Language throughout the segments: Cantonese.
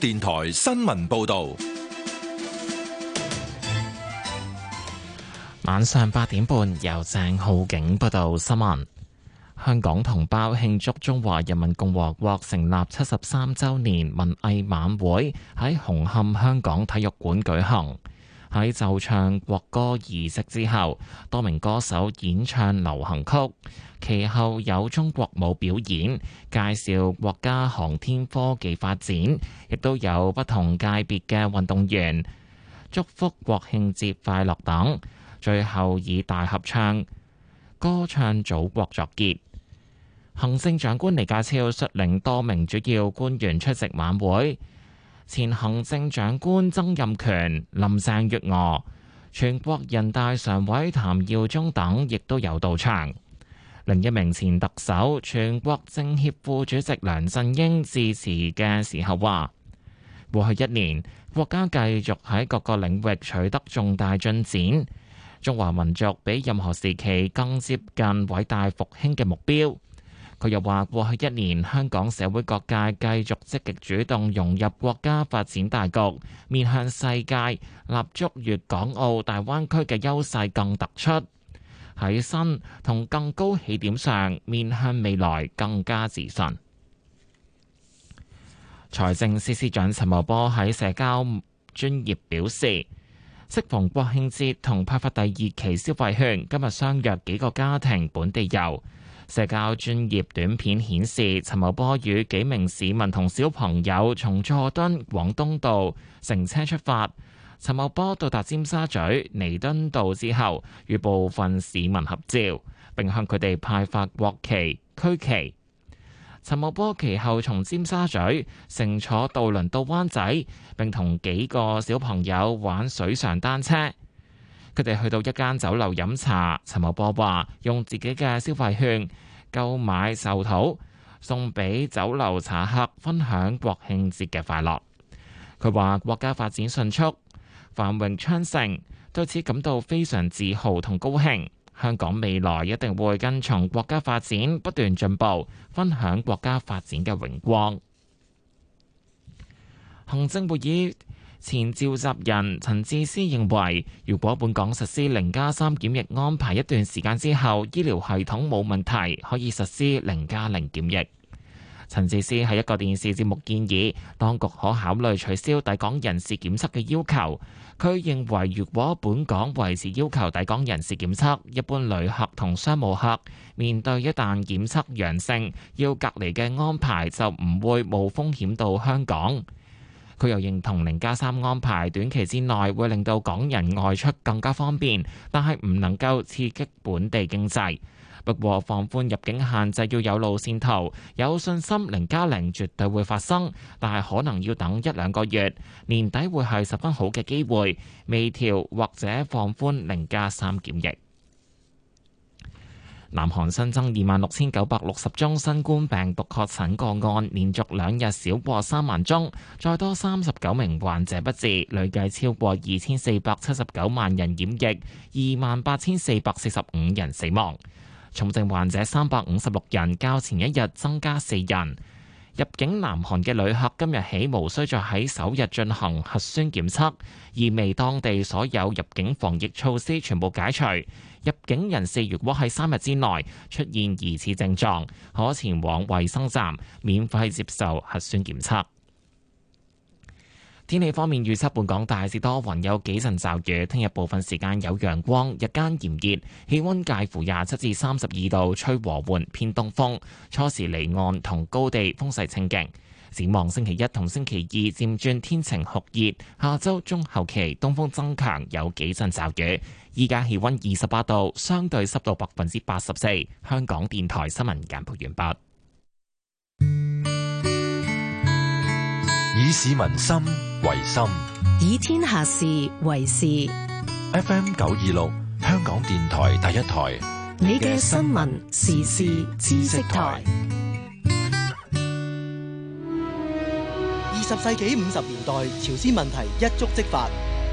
電台新聞報道，晚上八點半由鄭浩景報道新聞。香港同胞慶祝中華人民共和國成立七十三周年文藝晚會喺紅磡香港體育館舉行。喺奏唱國歌儀式之後，多名歌手演唱流行曲，其後有中國舞表演，介紹國家航天科技發展，亦都有不同界別嘅運動員祝福國慶節快樂等，最後以大合唱歌唱祖國作結。行政長官李家超率領多名主要官員出席晚會。前行政長官曾蔭權、林鄭月娥、全國人大常委譚耀宗等亦都有到場。另一名前特首、全國政協副主席梁振英致辭嘅時候話：「過去一年，國家繼續喺各個領域取得重大進展，中華民族比任何時期更接近偉大復興嘅目標。」佢又話，過去一年，香港社會各界繼續積極主動融入國家發展大局，面向世界，立足粵港澳大灣區嘅優勢更突出，喺新同更高起點上面向未來更加自信。財政司司長陳茂波喺社交專業表示，適逢國慶節同派發第二期消費券，今日相約幾個家庭本地遊。社交專業短片顯示，陳茂波與幾名市民同小朋友從佐敦往東道乘車出發。陳茂波到達尖沙咀彌敦道之後，與部分市民合照，並向佢哋派發國旗、區旗。陳茂波其後從尖沙咀乘坐渡輪到灣仔，並同幾個小朋友玩水上單車。佢哋去到一間酒樓飲茶，陳茂波話用自己嘅消費券購買壽桃，送俾酒樓茶客分享國慶節嘅快樂。佢話國家發展迅速，繁榮昌盛，對此感到非常自豪同高興。香港未來一定會跟從國家發展不斷進步，分享國家發展嘅榮光。行政會議前召集人陳智思認為，如果本港實施零加三檢疫安排一段時間之後，醫療系統冇問題，可以實施零加零檢疫。陳智思喺一個電視節目建議當局可考慮取消抵港人士檢測嘅要求。佢認為如果本港維持要求抵港人士檢測，一般旅客同商務客面對一旦檢測陽性要隔離嘅安排，就唔會冇風險到香港。佢又認同零加三安排短期之內會令到港人外出更加方便，但係唔能夠刺激本地經濟。不過放寬入境限制要有路線圖，有信心零加零絕對會發生，但係可能要等一兩個月，年底會係十分好嘅機會，微調或者放寬零加三檢疫。南韓新增二萬六千九百六十宗新冠病毒確診個案，連續兩日少過三萬宗，再多三十九名患者不治，累計超過二千四百七十九萬人染疫，二萬八千四百四十五人死亡，重症患者三百五十六人，較前一日增加四人。入境南韓嘅旅客今日起無需再喺首日進行核酸檢測，意味當地所有入境防疫措施全部解除。入境人士如果喺三日之內出現疑似症狀，可前往衛生站免費接受核酸檢測。天氣方面預測，本港大致多雲，雲有幾陣驟雨。聽日部分時間有陽光，日間炎熱，氣溫介乎廿七至三十二度，吹和緩偏東風。初時離岸同高地風勢清勁。展望星期一同星期二漸轉天晴酷熱。下周中後期東風增強，有幾陣驟雨。依家氣溫二十八度，相對濕度百分之八十四。香港電台新聞簡報完畢。以市民心，為心以天下事為事。F. M. 九二六香港電台第一台，你嘅新聞時事知識台。二十世紀五十年代朝鮮問題一觸即發，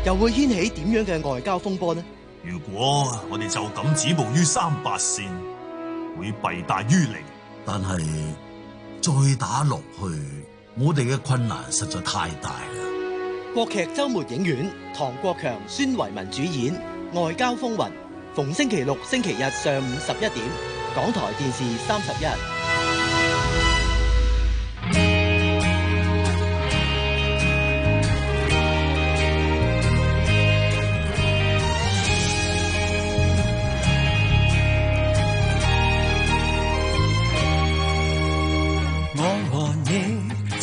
又會掀起點樣嘅外交風波呢？如果我哋就咁止步於三八線，會弊大於利。但係再打落去，我哋嘅困難實在太大啦。國劇周末影院，唐國強、孫維民主演《外交風雲》，逢星期六、星期日上午十一點，港台電視三十一。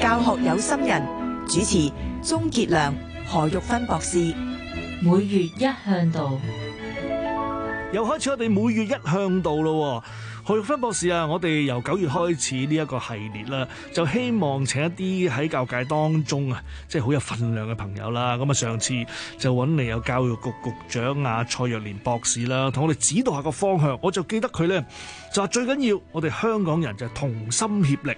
教學有心人，主持鍾杰良、何玉芬博士，每月一嚮導，又開始。我哋每月一嚮導咯，何玉芬博士啊，我哋由九月開始呢一個系列啦、啊，就希望請一啲喺教界當中啊，即係好有分量嘅朋友啦。咁啊，上次就揾嚟有教育局局長啊蔡若蓮博士啦、啊，同我哋指導下個方向。我就記得佢咧就話，最緊要我哋香港人就係同心協力。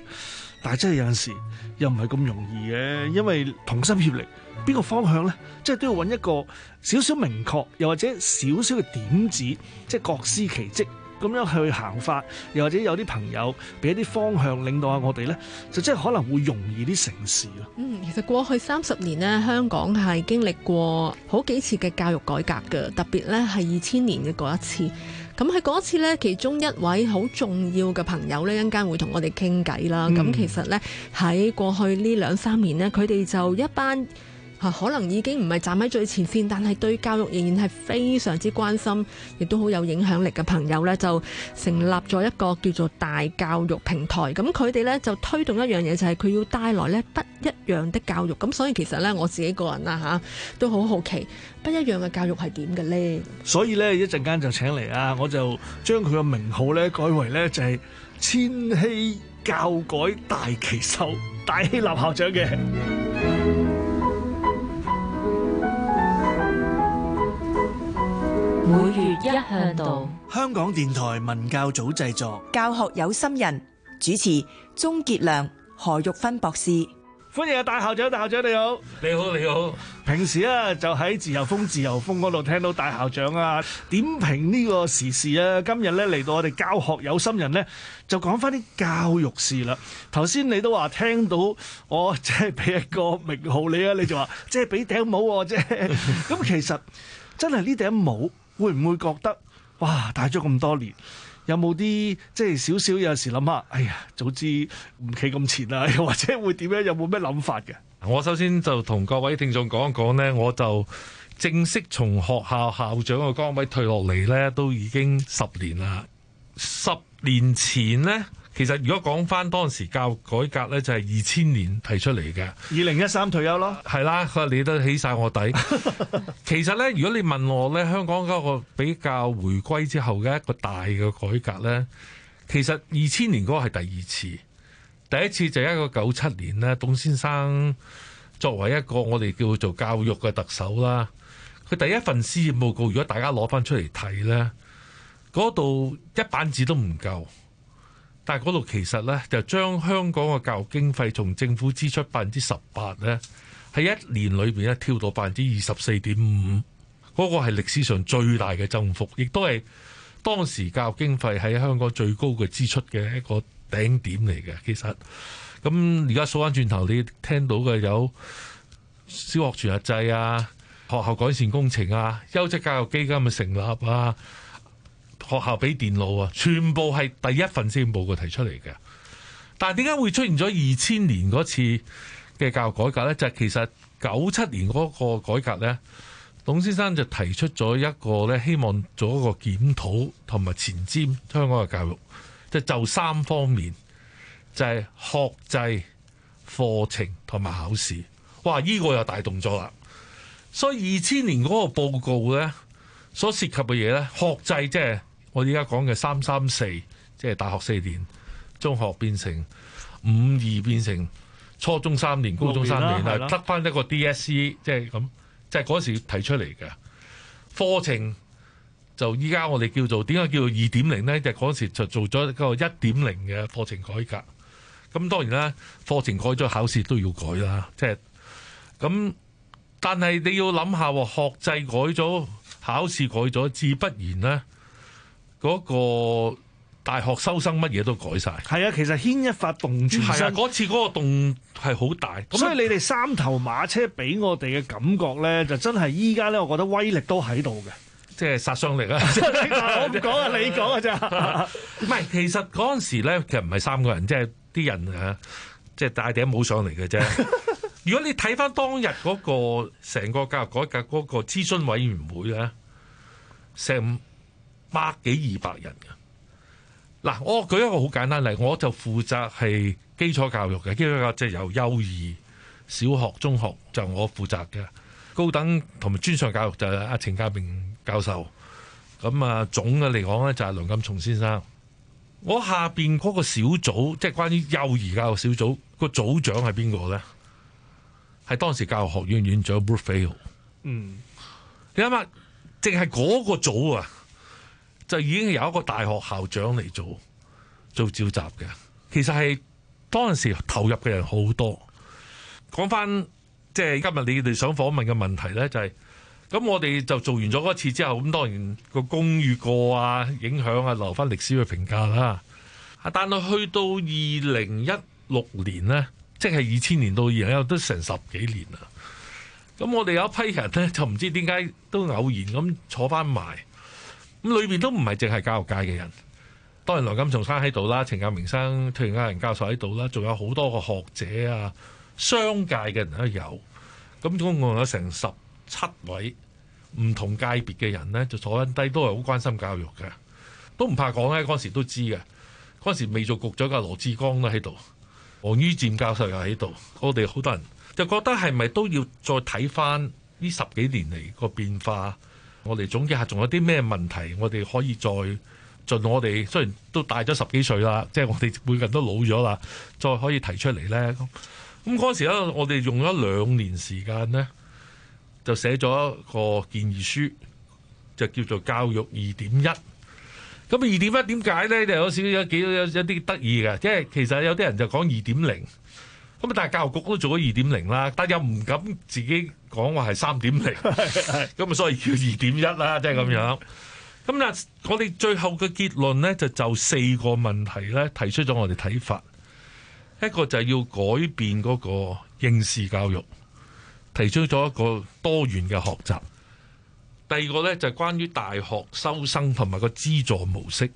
但係真係有陣時又唔係咁容易嘅，因為同心協力，邊個方向呢？即係都要揾一個少少明確，又或者少少嘅點子，即係各司其職咁樣去行法，又或者有啲朋友俾一啲方向，領導下我哋呢，就真係可能會容易啲成事咯。嗯，其實過去三十年呢，香港係經歷過好幾次嘅教育改革嘅，特別呢係二千年嘅嗰一次。咁喺嗰次咧，其中一位好重要嘅朋友咧，一陣間會同我哋傾偈啦。咁其實咧，喺過去呢兩三年咧，佢哋就一班可能已經唔係站喺最前線，但係對教育仍然係非常之關心，亦都好有影響力嘅朋友呢，就成立咗一個叫做大教育平台。咁佢哋呢，就推動一樣嘢，就係、是、佢要帶來呢「不一樣的教育。咁所以其實呢，我自己個人啊嚇，都好好奇不一樣嘅教育係點嘅呢？所以呢，一陣間就請嚟啊，我就將佢嘅名號呢，改為呢就係、是、千禧教改大旗手戴希立校長嘅。每月一嚮導，香港電台文教組製作《教學有心人》，主持鍾杰良、何玉芬博士。歡迎啊，大校長，大校長你好，你好，你好。平時啊，就喺自由風、自由風嗰度聽到大校長啊點評呢個時事啊。今日咧嚟，到我哋《教學有心人》咧，就講翻啲教育事啦。頭先你都話聽到我即係俾一個名號你啊，你就話即係俾頂帽我啫。咁其實真係呢頂帽。會唔會覺得哇，帶咗咁多年，有冇啲即係少少有時諗下，哎呀，早知唔企咁前啦，又或者會點樣咧？有冇咩諗法嘅？我首先就同各位聽眾講一講呢，我就正式從學校校長嘅崗位退落嚟呢，都已經十年啦。十年前呢。其實如果講翻當時教育改革呢，就係二千年提出嚟嘅。二零一三退休咯。係啦，你都起晒我底。 其實呢，如果你問我呢，香港嗰個比較回歸之後嘅一個大嘅改革呢，其實二千年嗰個係第二次。第一次就係一個九七年呢，董先生作為一個我哋叫做教育嘅特首啦，佢第一份施政報告，如果大家攞翻出嚟睇呢，嗰度一版紙都唔夠。但係嗰度其實咧，就將香港嘅教育經費從政府支出百分之十八咧，喺一年裏邊咧跳到百分之二十四點五，嗰、那個係歷史上最大嘅增幅，亦都係當時教育經費喺香港最高嘅支出嘅一個頂點嚟嘅。其實，咁而家數翻轉頭，你聽到嘅有小學全日制啊，學校改善工程啊，優質教育基金嘅成立啊。學校俾電腦啊，全部係第一份先報告提出嚟嘅。但係點解會出現咗二千年嗰次嘅教育改革呢？就係其實九七年嗰個改革呢，董先生就提出咗一個呢，希望做一個檢討同埋前瞻香港嘅教育，即係就三方面，就係學制、課程同埋考試。哇！呢個又大動作啦。所以二千年嗰個報告呢，所涉及嘅嘢呢，學制即係。我依家講嘅三三四，即係大學四年，中學變成五二，變成初中三年，高中三年，係得翻一個 DSE，即係咁，即係嗰時提出嚟嘅課程。就依家我哋叫做點解叫做二點零呢？就嗰時就做咗一個一點零嘅課程改革。咁當然啦，課程改咗，考試都要改啦。即係咁，但係你要諗下，學制改咗，考試改咗，自不然呢。嗰個大學收生乜嘢都改晒，係啊，其實牽一發動全身，係啊，嗰次嗰個動係好大，所以你哋三頭馬車俾我哋嘅感覺咧，就真係依家咧，我覺得威力都喺度嘅，即係殺傷力啊！ 我唔講啊， 你講啊，咋？唔係。其實嗰陣時咧，其實唔係三個人，即係啲人啊，即係帶頂帽上嚟嘅啫。 如果你睇翻當日嗰個成個教育改革嗰個諮詢委員會咧，成百幾二百人嘅，嗱、啊、我舉一個好簡單例，我就負責係基礎教育嘅基礎教育即係由幼兒、小學、中學就是、我負責嘅，高等同埋專上教育就係阿程家明教授，咁啊總嘅嚟講咧就係梁錦松先生。我下邊嗰個小組即係、就是、關於幼兒教育小組、個組長係邊個咧？係當時教育學院院長 Bruce Field。嗯，你諗下，淨係嗰個組啊？就已經有一個大學校長嚟做做召集嘅，其實係當陣時投入嘅人好多。講翻即係今日你哋想訪問嘅問題呢，就係咁，我哋就做完咗嗰次之後，咁當然個功與過啊、影響啊，留翻歷史去評價啦。啊，但係去到二零一六年呢，即係二千年到二零一六年都成十幾年啦。咁我哋有一批人呢，就唔知點解都偶然咁坐翻埋。裏面都唔係淨係教育界嘅人，當然梁錦松生喺度啦，程鑑明生、退休嘅人教授喺度啦，仲有好多個學者啊，商界嘅人都有。咁總共有成十七位唔同界別嘅人呢，就坐低都係好關心教育嘅，都唔怕講咧。嗰時都知嘅，嗰時未做局長嘅羅致光都喺度，王于漸教授又喺度，我哋好多人就覺得係咪都要再睇翻呢十幾年嚟個變化？我哋總結下，仲有啲咩問題，我哋可以再盡我哋雖然都大咗十幾歲啦，即係我哋每個人都老咗啦，再可以提出嚟咧。咁咁嗰時咧，我哋用咗兩年時間咧，就寫咗一個建議書，就叫做《教育二點一》。咁二點一點解咧？就有少少有幾有有啲得意嘅，即係其實有啲人就講二點零。咁但係教育局都做咗二點零啦，但又唔敢自己講話係三點零，咁所以叫二點一啦，即係咁樣。咁嗱， 我哋最後嘅結論呢，就就四個問題呢，提出咗我哋睇法。一個就係要改變嗰個應試教育，提出咗一個多元嘅學習。第二個呢，就係關於大學收生同埋個資助模式。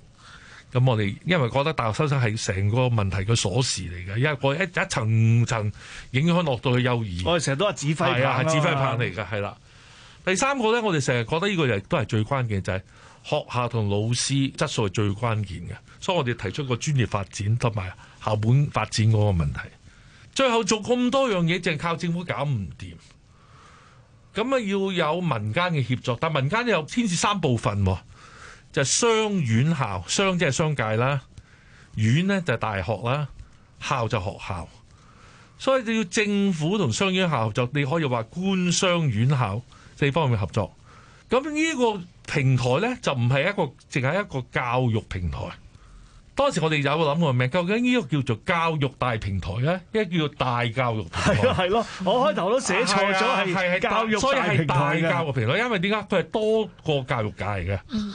咁我哋因為覺得大學新生係成個問題嘅鎖匙嚟嘅，因為個一一,一層層影響落到去幼兒，我哋成日都係指揮棒、啊，啊、指揮棒嚟嘅，係啦、啊。第三個咧，我哋成日覺得呢個又都係最關鍵，就係、是、學校同老師質素係最關鍵嘅，所以我哋提出個專業發展同埋校本發展嗰個問題。最後做咁多樣嘢，淨係靠政府搞唔掂，咁啊要有民間嘅協助，但民間又牽涉三部分喎。就係商院校，商即係商界啦，院咧就大學啦，校就學校。所以就要政府同商院校合作。你可以話官商院校四方面合作。咁呢個平台咧就唔係一個淨係一個教育平台。當時我哋有諗過咩？究竟呢個叫做教育大平台咧，一叫做大教育平台？係啊，係咯，我開頭都寫錯咗，係係教育大平台，所以係大教育平台。因為點解佢係多個教育界嘅？嗯。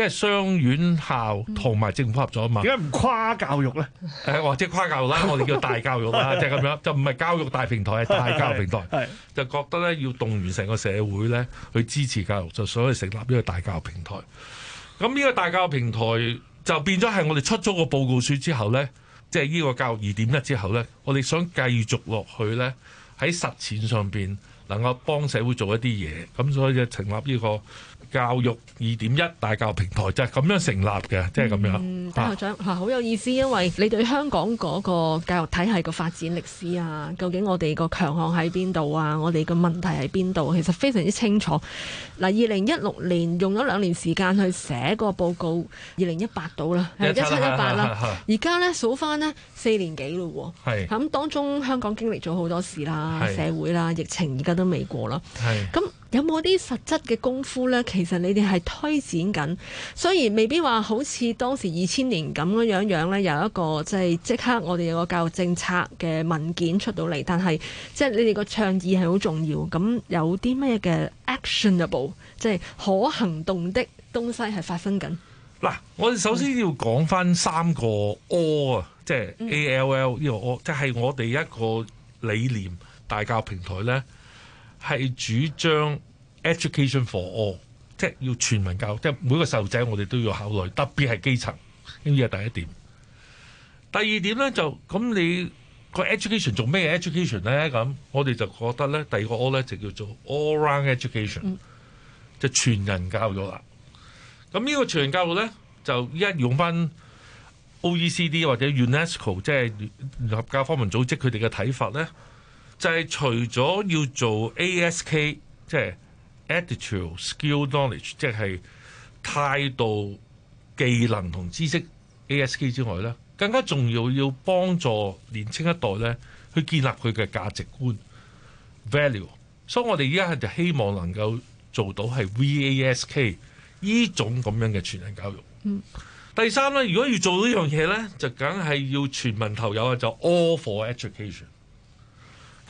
即係商院校同埋政府合作，啊嘛，點解唔跨教育咧？誒、哎，或者跨教育啦，我哋叫大教育啦， 就咁樣，就唔係教育大平台，係大教育平台。係 就覺得咧，要動員成個社會咧去支持教育，就所以成立呢個大教育平台。咁呢個大教育平台就變咗係我哋出咗個報告書之後咧，即係呢個教育二點一之後咧，我哋想繼續落去咧，喺實踐上邊能夠幫社會做一啲嘢，咁所以就成立呢個。教育二點一大教育平台就係、是、咁樣成立嘅，即係咁樣。嗯，戴校長，嗱、啊，好、啊、有意思，因為你對香港嗰個教育體系嘅發展歷史啊，究竟我哋個強項喺邊度啊，我哋個問題喺邊度，其實非常之清楚。嗱、啊，二零一六年用咗兩年時間去寫個報告，二零一八到啦，一七一八啦，而家、嗯、呢數翻呢四年幾咯喎。咁是當中香港經歷咗好多事啦，是社會啦，疫情而家都未過啦。咁是。有冇啲實質嘅功夫呢？其實你哋係推展緊，所以未必話好似當時二千年咁樣樣呢，有一個即係即刻我哋有個教育政策嘅文件出到嚟，但係即係你哋個倡議係好重要。咁有啲咩嘅 actionable，即係可行動的東西係發生緊？嗱，我哋首先要講翻三個 all 啊，即係 all 呢個 all 即係我哋一個理念大教平台呢，係主張 education for all，即係要全民教育，即係每個細路仔我哋都要考慮，特別係基層。呢個係第一點。第二點咧就咁你、個 education 做咩 education 咧，咁，那我哋就覺得咧第二個 all 咧就叫做 all round education，、嗯、就全人教育啦。咁呢個全人教育咧就一用翻 O E C D 或者 UNESCO，即係聯合教科文組織佢哋嘅睇法咧。就係除咗要做 ASK，即係 attitude、e、skill、knowledge，即係態度、技能同知識 ASK 之外咧，更加重要要幫助年青一代咧去建立佢嘅價值觀 value。所以我哋而家就希望能夠做到係 VASK 呢種咁樣嘅全人教育。嗯、第三咧，如果要做到這事呢樣嘢咧，就梗係要全民投入啊，就 all for education。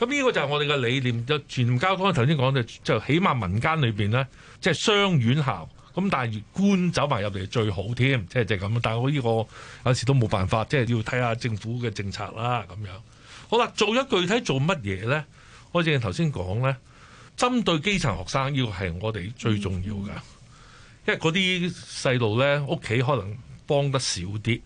咁呢個就係我哋嘅理念，就全交剛頭先講，就就起碼民間裏面咧，即係商院校，咁但係官走埋入嚟最好添，即係就咁，係。但係我呢個有時都冇辦法，即、就、係、是、要睇下政府嘅政策啦咁樣。好啦，做咗具體做乜嘢咧？我係頭先講咧，針對基層學生，要、呢個係我哋最重要㗎，嗯、因為嗰啲細路咧，屋企可能幫得少啲。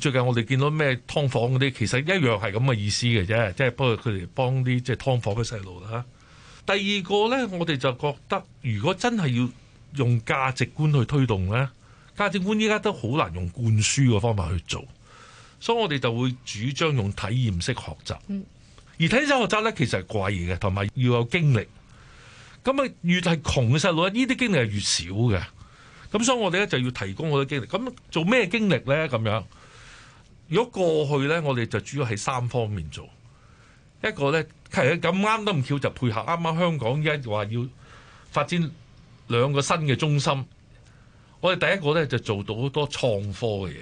最近我哋見到咩劏房嗰啲，其實一樣係咁嘅意思嘅啫，即係不過佢哋幫啲即係劏房嘅細路啦。第二個咧，我哋就覺得如果真係要用價值觀去推動咧，價值觀依家都好難用灌輸嘅方法去做，所以我哋就會主張用體驗式學習。而體驗式學習咧，其實係貴嘅，同埋要有經歷。咁啊，越係窮嘅細路，呢啲經歷係越少嘅。咁所以我哋咧就要提供好多經歷。咁做咩經歷咧？咁樣？如果過去咧，我哋就主要係三方面做，一個咧，係咁啱都唔巧就配合啱啱香港依家話要發展兩個新嘅中心，我哋第一個咧就做到好多創科嘅嘢。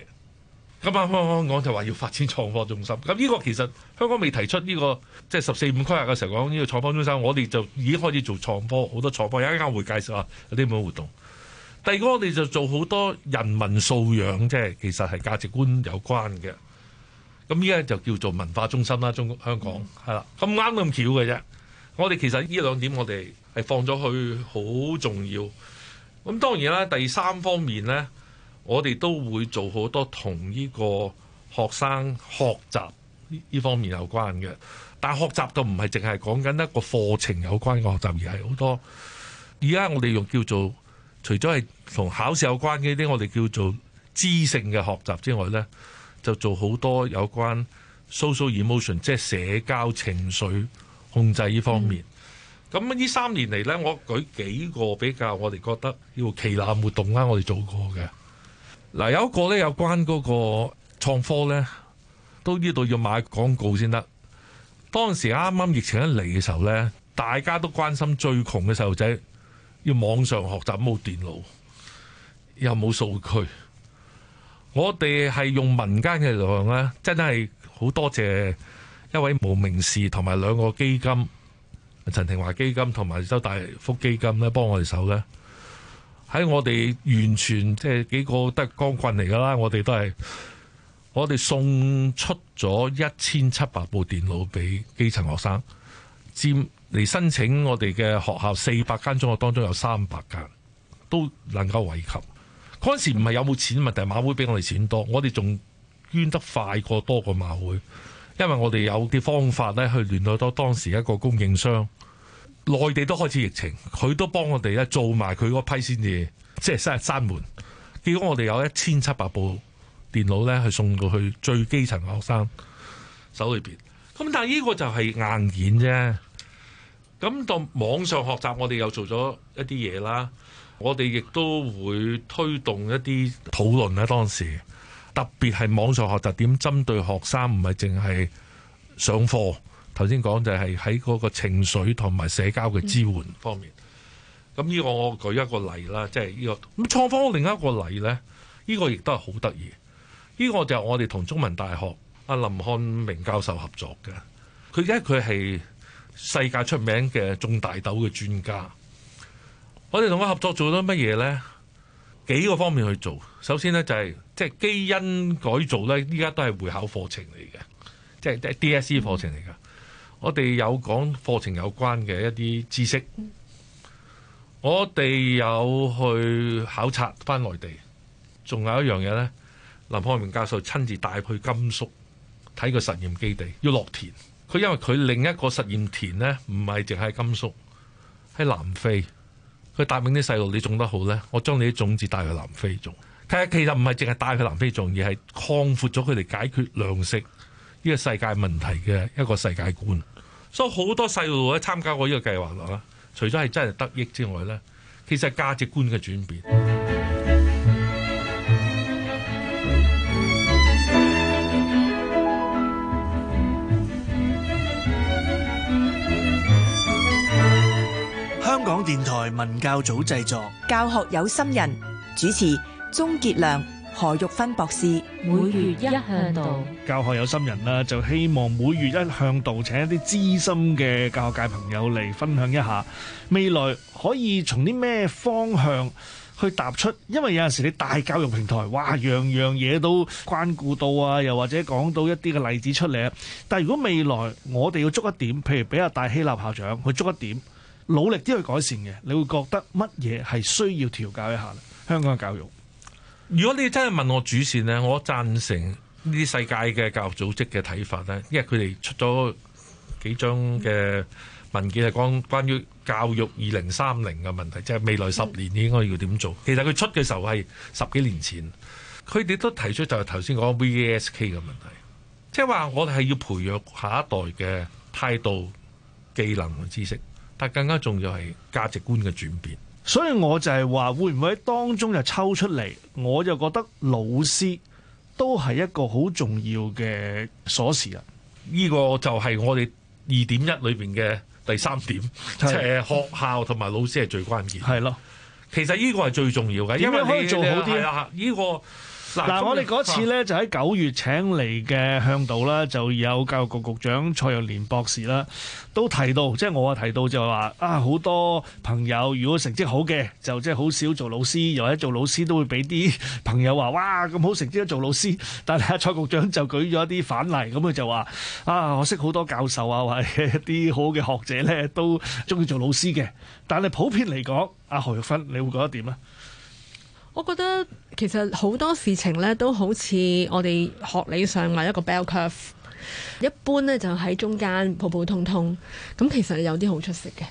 咁啱啱香港就話要發展創科中心，咁呢個其實香港未提出呢個即係十四五規劃嘅時候講呢個創科中心，我哋就已經開始做創科好多創科，有一間會,會介紹下，有啲咩活動。第二個，我哋就做好多人民素養，即係其實係價值觀有關嘅。咁依家就叫做文化中心啦，中香港係啦，咁啱咁巧嘅啫。我哋其實呢兩點，我哋係放咗去好重要。咁當然啦，第三方面呢，我哋都會做好多同呢個學生學習呢方面有關嘅。但學習就唔係淨係講緊一個課程有關嘅學習，而係好多。而家我哋用叫做。除咗係同考試有關嘅呢啲，我哋叫做知性嘅學習之外呢，就做好多有關 social emotion，即係社交情緒控制呢方面。咁呢、嗯、三年嚟呢，我舉幾個比較我哋覺得要旗艦活動啊，我哋做過嘅。嗱、啊、有一個呢，有關嗰個創科呢，都呢度要買廣告先得。當時啱啱疫情一嚟嘅時候呢，大家都關心最窮嘅細路仔。要網上學習冇電腦，又冇數據，我哋係用民間嘅力量咧，真係好多謝一位無名氏同埋兩個基金，陳庭華基金同埋周大福基金咧幫我哋手嘅。喺我哋完全即係幾個都係光棍嚟噶啦，我哋都係，我哋送出咗一千七百部電腦俾基層學生，佔。嚟申請我哋嘅學校，四百間中學當中有三百間都能夠惠及。嗰陣時唔係有冇錢問題，馬會俾我哋錢多，我哋仲捐得快過多個馬會，因為我哋有啲方法咧，去聯絡到當時一個供應商，內地都開始疫情，佢都幫我哋咧做埋佢嗰批先至，即係閂閂門。結果我哋有一千七百部電腦咧，去送到去最基層嘅學生手裏邊。咁但係呢個就係硬件啫。咁到網上學習，我哋又做咗一啲嘢啦。我哋亦都會推動一啲討論咧、啊。當時特別係網上學習點針對學生，唔係淨係上課。頭先講就係喺嗰個情緒同埋社交嘅支援、嗯、方面。咁呢個我舉一個例啦，即係呢個咁創科另一個例呢，呢個亦都係好得意。呢個就係我哋同中文大學阿林漢明教授合作嘅。佢而家佢係。世界出名嘅種大豆嘅專家，我哋同佢合作做咗乜嘢呢？幾個方面去做。首先呢，就係即係基因改造呢，依家都係會考課程嚟嘅，即係 DSE 課程嚟噶。我哋有講課程有關嘅一啲知識。我哋有去考察翻內地，仲有一樣嘢呢，林漢明教授親自帶去甘肅睇個實驗基地，要落田。佢因為佢另一個實驗田咧，唔係淨係甘肅喺南非，佢帶俾啲細路，你種得好咧，我將你啲種子帶去南非種。睇下其實唔係淨係帶去南非種，而係擴闊咗佢哋解決糧食呢個世界問題嘅一個世界觀。所以好多細路咧參加過呢個計劃落啦，除咗係真係得益之外咧，其實係價值觀嘅轉變。電台文教組製作，教學有心人主持鍾杰良、何玉芬博士。每月一嚮導教學有心人啦，就希望每月一嚮導請一啲資深嘅教學界朋友嚟分享一下，未來可以從啲咩方向去踏出？因為有陣時你大教育平台，哇，樣樣嘢都關顧到啊，又或者講到一啲嘅例子出嚟啊。但係如果未來我哋要捉一點，譬如俾阿戴希立校長去捉一點。努力啲去改善嘅，你會覺得乜嘢係需要調教一下咧？香港嘅教育，如果你真係問我主線咧，我贊成呢啲世界嘅教育組織嘅睇法咧，因為佢哋出咗幾張嘅文件係講關於教育二零三零嘅問題，即係未來十年應該要點做。其實佢出嘅時候係十幾年前，佢哋都提出就係頭先講 V S K 嘅問題，即係話我哋係要培育下一代嘅態度、技能同知識。啊！更加重要係價值觀嘅轉變，所以我就係話，會唔會喺當中又抽出嚟？我就覺得老師都係一個好重要嘅鎖匙啊！呢個就係我哋二點一裏邊嘅第三點，即係係學校同埋老師係最關鍵。係咯係，其實呢個係最重要嘅，係因為你可以做好啲啦。依、啊呢個。嗱、啊，我哋嗰次咧就喺九月請嚟嘅嚮導啦，就有教育局局長蔡若蓮博士啦，都提到，即、就、係、是、我啊提到就話啊，好多朋友如果成績好嘅，就即係好少做老師，又或者做老師都會俾啲朋友話哇，咁好成績都做老師，但係蔡局長就舉咗一啲反例，咁佢就話啊，我識好多教授啊，或者一啲好嘅學者咧，都中意做老師嘅，但係普遍嚟講，阿何玉芬，你會覺得點啊？我覺得其實好多事情咧，都好似我哋學理上嘅一個 bell curve。一般咧就喺中間普普通通，咁其實有啲好出色嘅，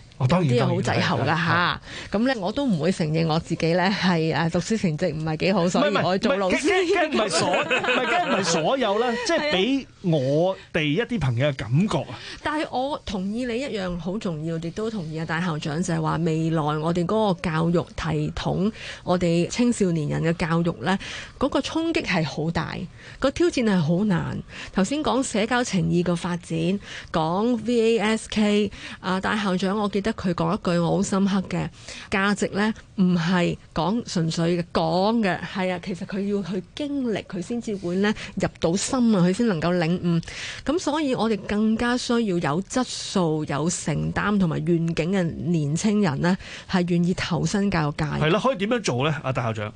有啲好滯後噶吓。咁咧我都唔會承認我自己咧係誒讀書成績唔係幾好，所以我可以做老師。唔係所唔係 所有咧，即係俾我哋一啲朋友嘅感覺啊。但係我同意你一樣好重要，亦都同意啊。戴校長就係話未來我哋嗰個教育體統，我哋青少年人嘅教育咧，嗰個衝擊係好大，個挑戰係好難。頭先講社交情意嘅發展，講 V.A.S.K 啊，大校長，我記得佢講一句我好深刻嘅，價值呢，唔係講純粹嘅講嘅，係啊，其實佢要去經歷，佢先至會呢入到心啊，佢先能夠領悟。咁所以我哋更加需要有質素、有承擔同埋願景嘅年青人呢，係願意投身教育界。係啦，啊，可以點樣做呢？啊，大校長，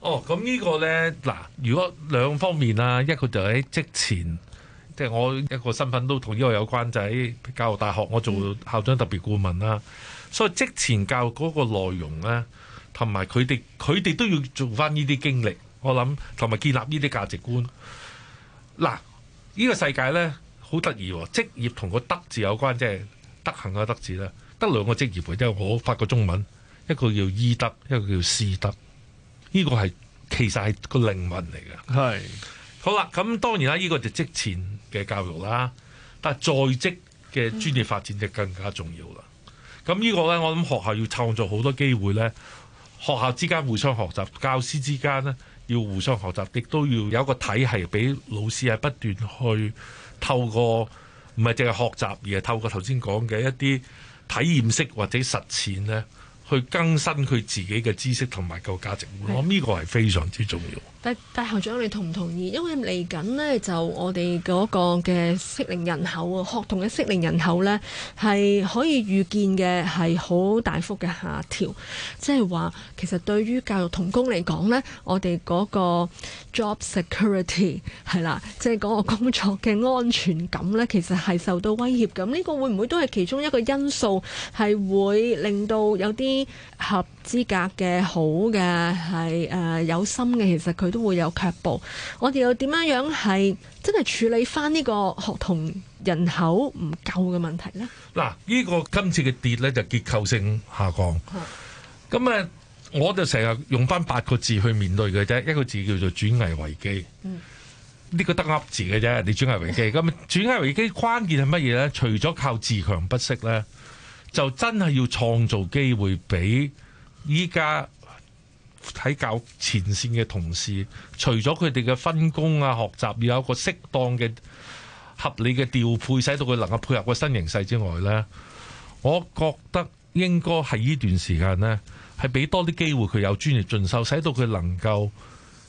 哦，咁呢個呢，嗱，如果兩方面啦，一個就喺職前。即係我一個身份都同呢個有關，就喺教育大學，我做校長特別顧問啦。所以職前教育嗰個內容咧，同埋佢哋佢哋都要做翻呢啲經歷，我諗同埋建立呢啲價值觀。嗱，呢個世界咧，好得意，職業同個德字有關，即係德行嘅德字啦，得兩個職業，因為我發過中文，一個叫醫德，一個叫師德。呢個係其實係個靈魂嚟嘅，係。好啦，咁當然啦，呢個就職前嘅教育啦，但係在職嘅專業發展就更加重要啦。嗯、咁呢個呢，我諗學校要創造好多機會呢，學校之間互相學習，教師之間呢，要互相學習，亦都要有一個體系俾老師係不斷去透過，唔係淨係學習，而係透過頭先講嘅一啲體驗式或者實踐呢，去更新佢自己嘅知識同埋的個價值咯，我諗呢個係非常之重要。戴、戴校長，你同唔同意？因為嚟緊咧，就我哋個嘅適齡人口啊，學童嘅適齡人口咧，係可以預見嘅係好大幅嘅下調，即係話其實對於教育同工嚟講咧，我哋個 job security 係啦，即係嗰個工作嘅安全感咧，其實係受到威脅。咁呢個會唔會都係其中一個因素，係會令到有啲？啲合資格嘅好嘅係誒有心嘅，其實佢都會有卻步。我哋又點樣樣係真係處理翻呢個學童人口唔夠嘅問題咧？嗱、這個，呢個今次嘅跌咧就結構性下降。咁啊好，我就成日用翻八個字去面對嘅啫，一個字叫做轉危為機。呢、嗯、個得噏字嘅啫，你轉危為機。咁 轉危為機關鍵係乜嘢咧？除咗靠自強不息咧。就真係要創造機會俾依家喺教育前綫嘅同事，除咗佢哋嘅分工啊、學習要有一個適當嘅合理嘅調配，使到佢能夠配合個新形勢之外咧，我覺得應該係呢段時間咧，係俾多啲機會佢有專業進修，使到佢能夠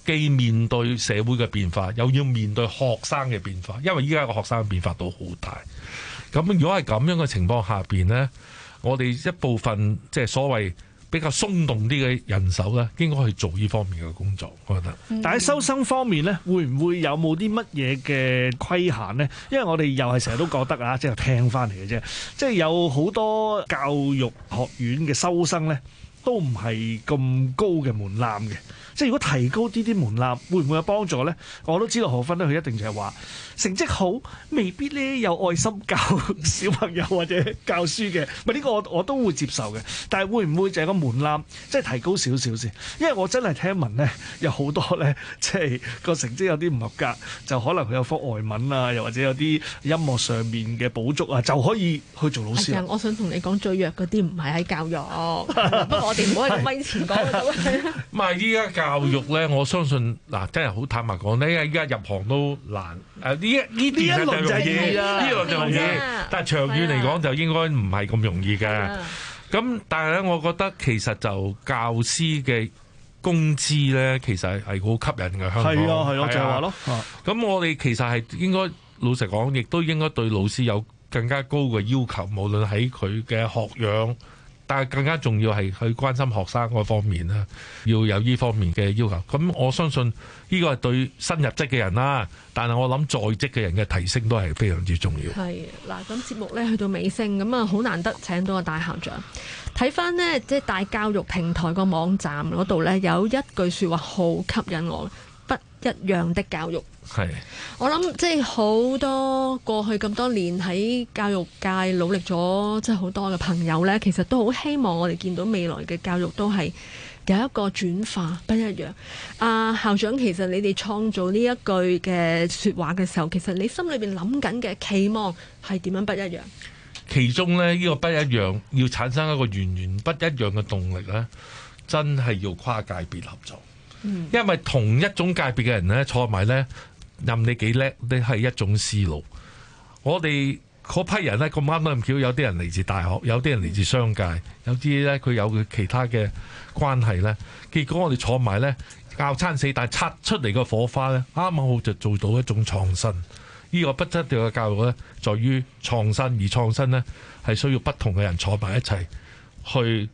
既面對社會嘅變化，又要面對學生嘅變化，因為依家個學生嘅變化都好大。咁如果係咁樣嘅情況下邊咧，我哋一部分即係所謂比較鬆動啲嘅人手咧，應該去做呢方面嘅工作，我覺得。但係收生方面咧，會唔會有冇啲乜嘢嘅規限咧？因為我哋又係成日都覺得啊，即係聽翻嚟嘅啫，即係有好多教育學院嘅收生咧，都唔係咁高嘅門檻嘅。即係如果提高啲啲門檻，會唔會有幫助咧？我都知道何芬咧，佢一定就係話成績好未必咧有愛心教小朋友或者教書嘅。咪呢、呢個我我都會接受嘅，但係會唔會就係個門檻即係提高少少先？因為我真係聽聞咧，有好多咧即係個成績有啲唔合格，就可能佢有科外文啊，又或者有啲音樂上面嘅補足啊，就可以去做老師。我想同你講最弱嗰啲唔係喺教育， 不過我哋唔好喺咪前講咁咪依家教育咧，嗯、我相信嗱、啊，真係好坦白講咧，依家入行都難。誒、啊，呢呢啲一路就易呢，一路就易。但係長遠嚟講，啊、就應該唔係咁容易嘅。咁、啊、但係咧，我覺得其實就教師嘅工資咧，其實係好吸引嘅。香港係啊，係咯、啊，就係話咯。咁、啊、我哋其實係應該老實講，亦都應該對老師有更加高嘅要求，無論喺佢嘅學養。但係更加重要係去關心學生嗰方面啦，要有呢方面嘅要求。咁我相信呢個係對新入職嘅人啦，但係我諗在職嘅人嘅提升都係非常之重要。係嗱，咁節目咧去到尾聲，咁啊好難得請到個大校長。睇翻呢，即係大教育平台個網站嗰度呢，有一句説話好吸引我。一樣的教育，係是我諗，即係好多過去咁多年喺教育界努力咗，即係好多嘅朋友呢，其實都好希望我哋見到未來嘅教育都係有一個轉化，不一樣。阿、啊、校長，其實你哋創造呢一句嘅説話嘅時候，其實你心裏邊諗緊嘅期望係點樣？不一樣。其中呢，呢、這個不一樣要產生一個源源不一樣嘅動力呢，真係要跨界別合作。因為同一種界別嘅人咧坐埋咧，任你幾叻，你係一種思路。我哋嗰批人咧咁啱都咁巧，有啲人嚟自大學，有啲人嚟自商界，有啲咧佢有其他嘅關係咧。結果我哋坐埋咧，教餐死，但拆出嚟個火花咧，啱啱好就做到一種創新。呢個不質對嘅教育咧，在於創新，而創新咧係需要不同嘅人坐埋一齊去。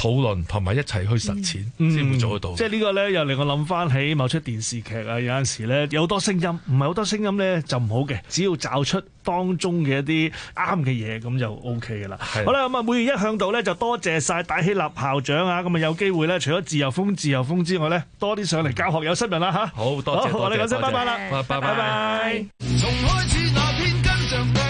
討論同埋一齊去實踐先會做得到，嗯嗯。即係呢個咧，又令我諗翻起某出電視劇啊！有陣時咧有好多聲音，唔係好多聲音咧就唔好嘅。只要找出當中嘅一啲啱嘅嘢，咁就 O K 嘅啦。是的 好啦，咁啊，每月一嚮導咧就多謝晒戴希立校長啊！咁啊有機會咧，除咗自由風自由風之外咧，多啲上嚟教學有新人啦、啊、吓，啊、好，多謝，好多謝我哋好啦，拜拜啦，拜拜謝拜拜。拜拜從開始那天跟上